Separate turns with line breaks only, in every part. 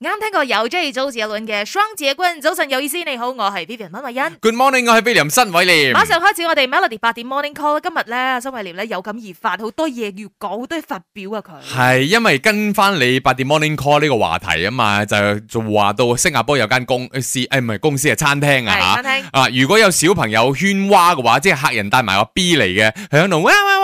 啱聽過有 J 早字有卵嘅雙姐君早晨有意思你好，我係 Vivian 温慧欣。
Good morning，我係 Vivian 新偉廉。馬上
開始我哋 Melody 八點 Morning Call 今日咧新偉廉咧有感而發，好多嘢要講，多都要發表啊佢
係因為跟翻你八點 Morning Call 呢個話題啊嘛，就就話到新加坡有間公,、哎、公司誒唔係公司係餐廳啊吓啊如果有小朋友喧嘩嘅話，即係客人帶埋個 B 嚟嘅響度。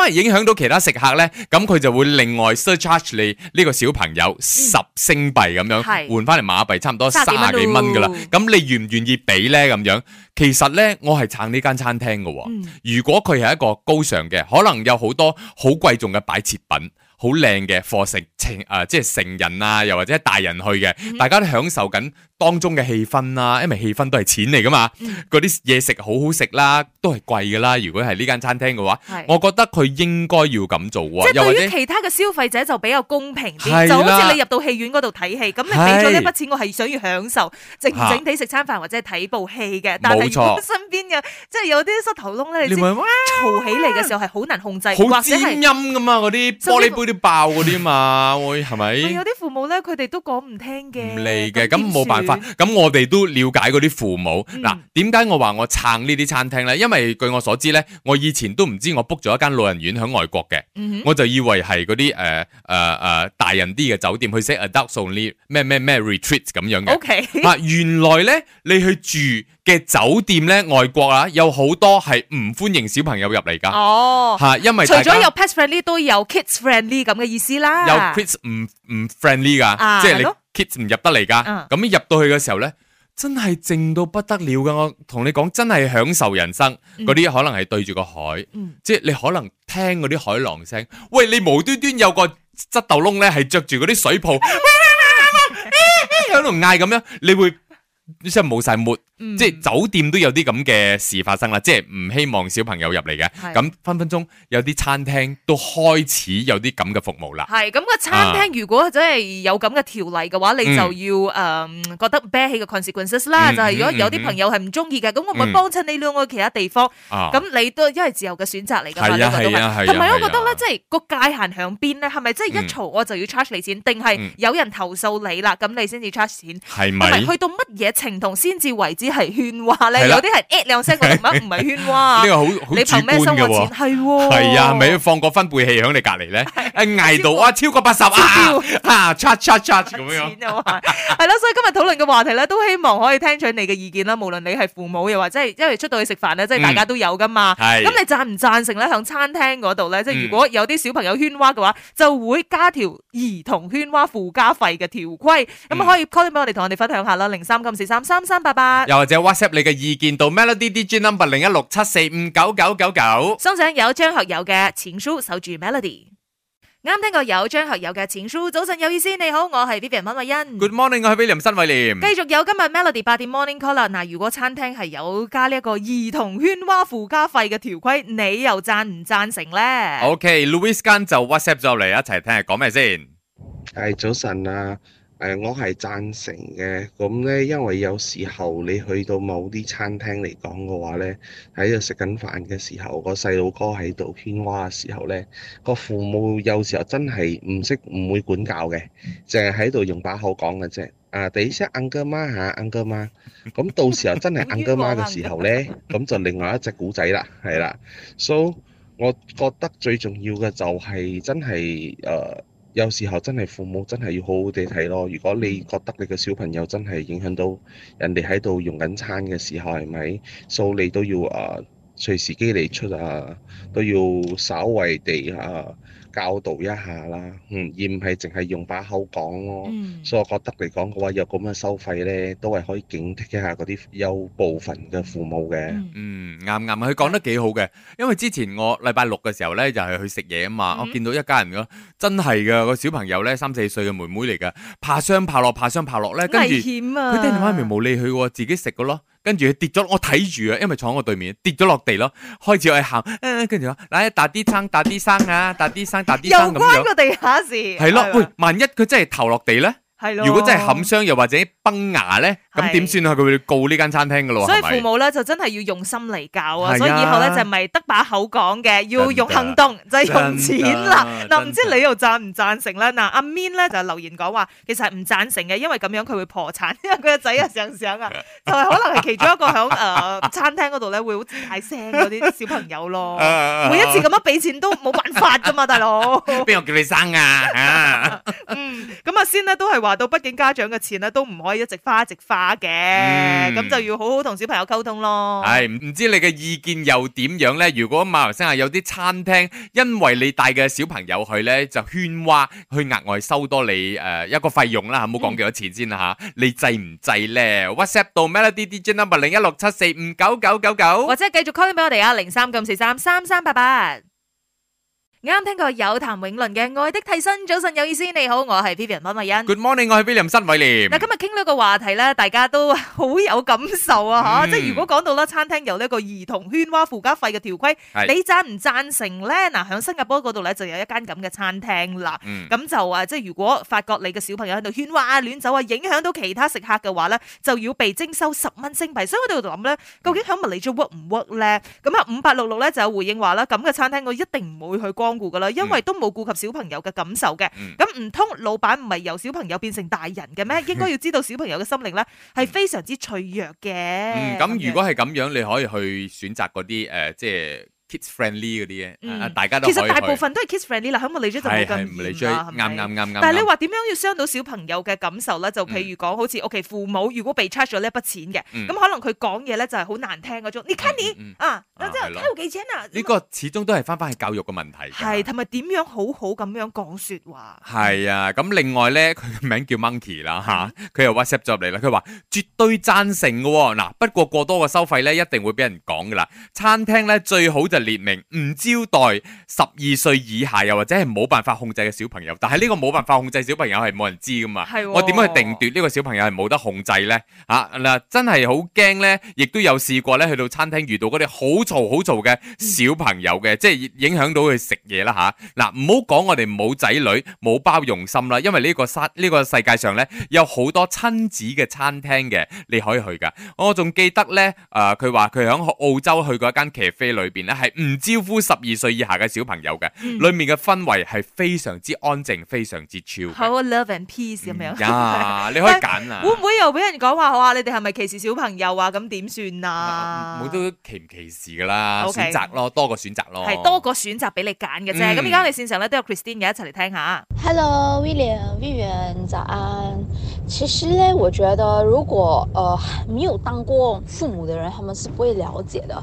影響到其他食客呢，咁佢就會另外 surcharge 你呢個小朋友十星幣咁樣，嗯、換翻嚟馬幣差唔多三十幾蚊噶啦。咁你願唔願意俾呢？咁樣，其實呢，我係撐呢間餐廳噶，哦。嗯、如果佢係一個高尚嘅，可能有好多好貴重嘅擺設品。好靚嘅課食，成誒，即係成人啊，又或者係大人去嘅，大家都享受緊當中嘅氣氛啦，因為氣氛都係錢嚟噶嘛。嗰啲嘢食，好好食啦，都係貴噶啦。如果係呢間餐廳嘅話，我覺得佢應該要咁做啊。即係對於其
他嘅消費者就比較公平啲，就好似你入到戲院嗰度睇戲，咁你俾咗一筆錢，我係想要享受靜靜地食餐飯或者係睇部戲嘅。冇錯。身邊嘅即係有啲膝頭窿咧，你嘈起嚟嘅時候係好難控制，或者係尖音
咁啊，啲玻璃杯爆嗰啲嘛，會係咪？有
啲父母咧，佢哋都講唔聽嘅，唔
嚟嘅，咁冇辦，辦法。咁我哋都了解啲父母。嗱、嗯，點解我話我撐呢啲餐廳咧？因為據我所知咧，我以前都唔知我 book 咗一間老人院響外國嘅，嗯、哼我就以為係嗰啲誒誒誒大人啲嘅酒店，去 set adults only 咩咩咩 retreat 咁樣嘅。嗱
，Okay.
原來咧你去住嘅酒店咧，外國啊有好多係唔歡迎小朋友入嚟噶。
哦，吓因為除咗有 pet friend，咧
都有 kids friend。 啲咁嘅意思啦有，有 kids
唔唔 friendly 噶，啊、即係你 kids 唔入得嚟噶。咁、啊、入到去嘅時候咧，真係靜到不得了噶。我同你講，真係享受人生。嗰啲、嗯、可能係對住個海，嗯、即係你可能聽嗰啲海浪聲。喂，你無端端有個側頭窿咧，係着住嗰啲水泡喂，喂，喂，喂，喺度嗌咁樣，你會即係冇晒沫。即係酒店都有啲咁嘅事發生啦，即係唔希望小朋友入嚟嘅，咁分分鐘有啲餐廳都開始有啲咁嘅服務啦。係
咁個餐廳如果真係有咁嘅條例嘅話，你就要誒覺得 bear 起個 consequences 啦。就係如果有啲朋友係唔中意嘅，咁我咪幫襯你兩個去其他地方。咁你都因為自由嘅選擇嚟嘅。嘛。係啊我覺得咧，即係個界限喺邊咧？係咪即係一嘈我就要 charge 你錢，定係有人投訴你啦，咁你先至 charge 錢？係咪？唔係去到乜嘢程度先至為止？啲係喧嘩咧，嗰啲係 at 兩聲，唔係唔係喧嘩。呢個好，你憑咩收我錢，係喎，係啊，咪
放個分貝器喺你隔離咧，嗌到啊超過八十啊，charge charge charge 咁樣
樣，係咯，所以今日討論嘅話題咧，都希望可以聽取你嘅意見啦。無論你係父母又或者係因為出到去食飯咧，即係大家都有噶嘛。咁你贊唔贊成咧？響餐廳嗰度咧，即係如果有啲小朋友喧嘩嘅話，就會加條兒童喧嘩附加費嘅條規。咁可以 call 啲俾我哋，同我哋分享下啦。零三九四三三三八八。
又或者 WhatsApp 你嘅意見到 Melody D J
number 零一六七四五九九九九。收上有張學友嘅情書守住 Melody。啱聽過有張學友嘅情書，早晨有意思，你好，我係 Vivian 温慧欣。Good morning，
我係 William 申偉廉。繼
續有今日 Melody 八點 Morning Call 啦。嗱，如果餐廳係有加呢一個兒童喧嘩附加費嘅條規，你又讚唔讚成咧
？OK，Louis Gan 就 WhatsApp 咗嚟一齊聽日講咩先？係早晨啊。我係贊成嘅。咁呢，因為有時候你去到某啲餐廳嚟講嘅話呢，喺度食緊飯嘅時候，個細路哥喺度喧嘩嘅時候呢，個父母有時候真係唔識唔會管教嘅，淨係喺度用把口講嘅啫。啊 you know，第一聲阿哥媽吓「阿哥媽。咁到時候真係阿哥媽嘅時候呢，咁 就另外一隻古仔啦，係啦。So，我覺得最重要嘅就係、是、真係誒。呃有時候真係父母真係要好好地睇咯。如果你覺得你嘅小朋友真係影響到人哋喺度用緊餐嘅時候，係咪數你都要啊？Uh, 隨時機嚟出啊，都要稍微地啊。Uh 教導一下啦，嗯，而唔係淨係用把口講咯，所以我覺得嚟講嘅話，有咁嘅收費咧，都係可以警惕一下嗰啲有部分嘅父母嘅、嗯。嗯，啱啱佢講得幾好嘅，因為之前我禮拜六嘅時候咧，就係、是、去食嘢啊嘛，嗯、我見到一家人嘅，真係㗎個小朋友咧，三四歲嘅妹妹嚟㗎，怕傷怕落，怕傷怕落咧，跟住佢爹哋媽咪冇理佢喎，自己食嘅咯。跟住佢跌咗，我睇住啊，因為坐喺我對面，跌咗落地咯，開始我喺度喊、啊，跟住話，嗱，打啲生，打啲生啊，打啲生，打啲生又關個地
下事，係咯，喂，
萬一佢真係頭落地咧？
係咯吧。如果真係冚
傷又或者崩牙咧？咁點算啊？佢會告呢間餐廳噶咯，所以父
母咧就真係要用心嚟教啊！所以以後咧就唔係得把口講嘅，要用行動就係用錢啦。嗱，唔知你又贊唔贊成咧？嗱，阿 Min 咧就留言講話，其實係唔贊成嘅，因為咁樣佢會破產，因為佢個仔啊想想啊，就可能係其中一個響誒餐廳嗰度咧會好大聲嗰啲小朋友咯。每一次咁樣俾錢都冇辦法噶嘛，大佬
邊個叫你生啊？嗯，
咁阿先呢都係話到，畢竟家長嘅錢咧都唔可以一直花一直花。嘅，咁就要好好同小朋友溝通咯。係，
唔知你嘅意見又點樣呢？如果馬頭山啊有啲餐廳，因為你帶嘅小朋友去呢，就喧挖，去額外收多你誒一個費用啦好冇，講幾多錢先吓，你制唔制呢 w h a t s a p p 到 l o d y D J number 零一六七四五九九九九，
或者繼續 call 俾我哋啊，零三九四三三三八八。啱啱聽過有譚詠麟嘅《愛的替身》，早晨有意思，你好，我係 Vivian 溫慧欣。Good
morning，我係 Vivian 新偉廉。嗱，
今日傾到個話題咧，大家都好有感受啊吓，即係如果講到咧，餐廳有呢個兒童喧嘩附加費嘅條規，你贊唔贊成咧？嗱，喺新加坡嗰度咧就有一間咁嘅餐廳啦，咁就話，即係如果發覺你嘅小朋友喺度喧嘩啊、亂走啊，影響到其他食客嘅話咧，就要被徵收十蚊星幣。所以我喺度諗咧，究竟喺馬來西亞 work 唔 work 咧？咁啊，五八六六咧就有回應話啦，咁嘅餐廳我一定唔會去光。因為都冇顧及小朋友嘅感受嘅。咁唔通老闆唔係由小朋友變成大人嘅咩？應該要知道小朋友嘅心靈呢係非常之脆弱嘅。咁、嗯、如
果係咁樣，你可以去選擇嗰啲誒，即係。kids-friendly 嗰啲嘢，嗯，大家都其實大部
分都係 kids-friendly 啦，喺我嚟追就冇咁唔啱。啱
啱啱啱。但係你話
點樣要傷到小朋友嘅感受咧？就譬如講，好似屋企父母如果被 charge 咗呢一筆錢嘅，咁可能佢講嘢咧就係好難聽嗰種，你 can you 啊？咁之後收幾錢啊？呢
個始終都係翻翻係教育嘅問題。
係，同埋點樣好好咁樣講説話？
係啊，咁另外咧，佢嘅名叫 Monkey 啦嚇，佢又 WhatsApp 咗入嚟啦，佢話絕對贊成嘅喎。嗱，不過過多嘅收費咧，一定會俾人講㗎啦。餐廳咧最好就。列明唔招待十二歲以下又或者係冇辦法控制嘅小朋友，但係呢個冇辦法控制小朋友係冇人知噶嘛。是哦、我點樣去定奪呢個小朋友係冇得控制咧？吓、啊，嗱、啊，真係好驚咧，亦都有試過咧，去到餐廳遇到嗰啲好嘈好嘈嘅小朋友嘅，嗯、即係影響到佢食嘢啦吓嗱。唔好講我哋冇仔女冇包容心啦，因為呢、呢個世呢、呢個世界上咧有好多親子嘅餐廳嘅，你可以去噶。我仲記得咧，誒佢話佢響澳洲去過一間咖啡裏邊咧。係唔招呼十二歲以下嘅小朋友嘅，嗯、裏面嘅氛圍係非常之安靜，非常之超。
好，love and peace 咁冇？啊、
你可以揀啊！會唔
會又俾人講話哇？你哋係咪歧視小朋友啊？咁點算啊？冇、
啊、都歧唔歧視噶啦，Okay. 選擇咯，多個選擇咯，係多
個選擇俾你揀嘅啫。咁而家你哋線上咧都有 Christine 嘅一齊嚟聽下。
Hello，William，William，早安。其實咧，我覺得如果誒、呃、沒有當過父母嘅人，他們是不會了解的。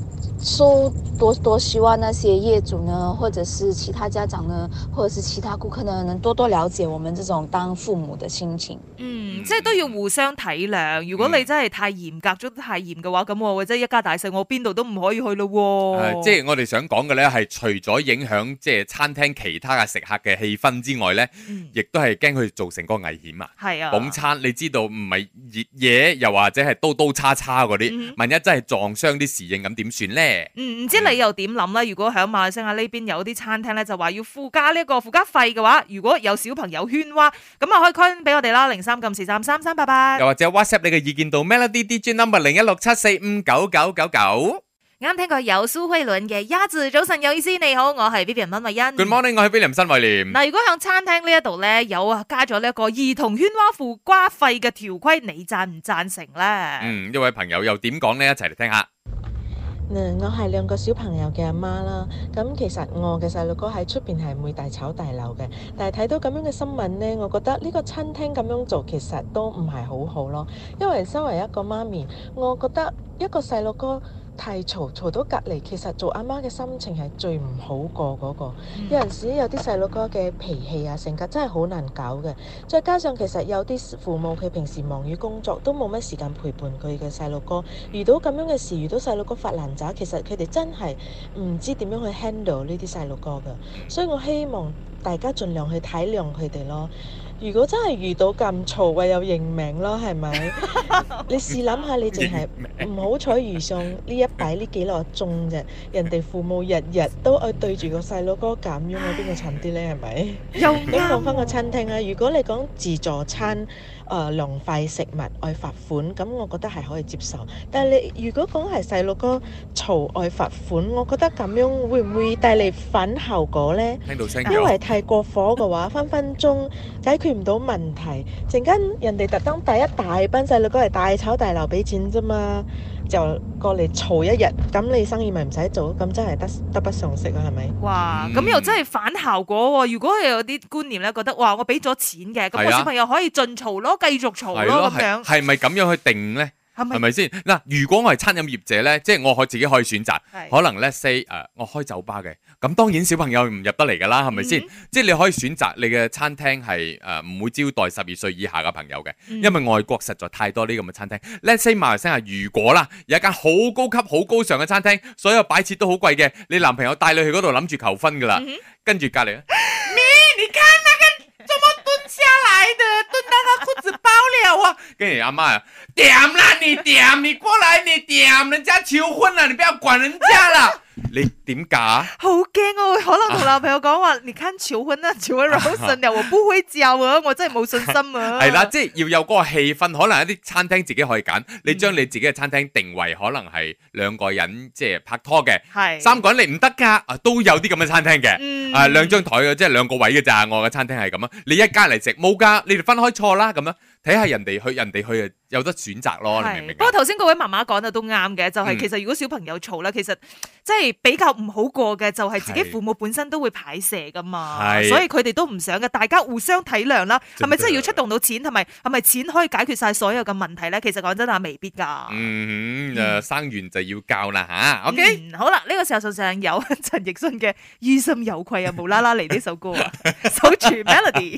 So，多多希望那些業主呢，或者是其他家長呢，或者是其他顧客呢，能多多了解我們這種當父母的心情。嗯，
即係都要互相體諒。如果你真係太嚴格咗太嚴嘅話，咁我或者一家大細，我邊度都唔可以去咯。誒，即係我
哋想講嘅咧，係除咗影響即係餐廳其他嘅食客嘅氣氛之外咧，亦都係驚佢造成個危險啊。係啊，捧餐你知道唔係熱嘢，又或者係刀刀叉叉嗰啲，萬一真係撞傷啲侍應，咁點算咧？
嗯，唔知你又點諗咧？如果響馬來西亞呢邊有啲餐廳咧，就話要附加呢一個附加費嘅話，如果有小朋友圈蛙，咁啊可以 call 俾我哋啦，零三撳時站三三八八，又或
者 WhatsApp 你嘅意見到 Melody DJ Number 零一六七四五九九九九。
啱聽過有蘇慧倫嘅一字早晨，有意思，你好，我係 Vivian 温慧欣。Good morning，
我係 Vivian 温慧廉。嗱，如
果響餐廳呢一度咧有啊加咗呢一個兒童圈蛙附加費嘅條規，
你讚唔讚成咧？
嗯，一位朋友又點講咧？一齊嚟聽下。
我係兩個小朋友嘅阿媽啦。咁其實我嘅細路哥喺出邊係唔會大吵大鬧嘅。但係睇到咁樣嘅新聞咧，我覺得呢個餐廳咁樣做其實都唔係好好咯。因為身為一個媽咪，我覺得一個細路哥太嘈嘈到隔離，其實做阿媽嘅心情係最唔好過嗰個。Mm. 有陣時有啲細路哥嘅脾氣啊，性格真係好難搞嘅。再加上其實有啲父母佢平時忙於工作，都冇乜時間陪伴佢嘅細路哥。遇到咁樣嘅事，遇到細路哥發爛渣，其實佢哋真係唔知點樣去 handle 呢啲細路哥嘅。所以我希望大家盡量去體諒佢哋咯。如果真係遇到咁嘈唯有認命咯，係咪？ 你試諗下，你淨係唔好彩遇上呢一擺呢幾個鐘啫，人哋父母日日都愛對住個細佬哥咁樣，邊人個親啲呢？係咪？你啊！講翻個餐廳啊，如果你講自助餐，誒浪費食物愛罰款，咁我覺得係可以接受。但係你如果講係細佬哥嘈愛罰款，我覺得咁樣會唔會帶嚟反效果呢？因為太過火嘅話，分分鐘解決。唔到問題，陣間人哋特登帶一大班細路過嚟大吵大鬧俾錢啫嘛，就過嚟嘈一日，咁你生意咪唔使做，咁真係得得不償失啊，係咪？哇！咁又
真係反效果喎、哦。如果係有啲觀念咧，覺得哇，我俾咗錢嘅，咁我小朋友可以盡嘈咯，繼續嘈咯，咁樣
係咪咁樣去定呢？係咪先？嗱，如果我係餐飲業者呢，即係、是、我可自己可以選擇，是可能 Let's say 誒、uh，我開酒吧嘅，咁當然小朋友唔入得嚟噶啦，係咪先？Mm hmm. 即係你可以選擇你嘅餐廳係誒唔會招待十二歲以下嘅朋友嘅，mm hmm. 因為外國實在太多呢咁嘅餐廳。Let's say 馬來西亞，如果啦有一間好高級、好高尚嘅餐廳，所有擺設都好貴嘅，你男朋友帶你去嗰度諗住求婚噶啦，mm hmm. 跟住隔籬。
包了啊！
跟你阿媽啊，點啦你點 你過來，你點，人家求婚啦，你不要管人家啦。 你點噶？
好驚啊、哦！可能同男朋友講話， 你看潮婚啊，潮婚好難，我不會照啊，啊 我真係冇信心啊。係啦
即係要有嗰個氣氛，可能一啲餐廳自己可以揀，嗯、你將你自己嘅餐廳定位可能係兩個人即係拍拖嘅，係是三個人你唔得噶，啊都有啲咁嘅餐廳嘅，嗯、啊兩張台嘅即係兩個位嘅咋，我嘅餐廳係咁啊，你一家嚟食冇噶，你哋分開坐啦咁樣。睇下人哋去，人哋去有得選擇咯，是你明唔明？不
過頭先各位媽媽講得都啱嘅，就係、是、其實如果小朋友嘈啦，其實即係比較唔好過嘅，就係自己父母本身都會排射噶嘛，是所以佢哋都唔想嘅，大家互相體諒啦。係咪真係的 要出動到錢？係咪係咪錢可以解決晒所有嘅問題咧？其實講真啊，未必噶。
嗯，誒、嗯，生完就要教啦吓。O、okay? K，、嗯、
好啦，呢、這個時候上上有陳奕迅嘅《於心有愧》啊，無啦啦嚟呢首歌啊，守住 Melody。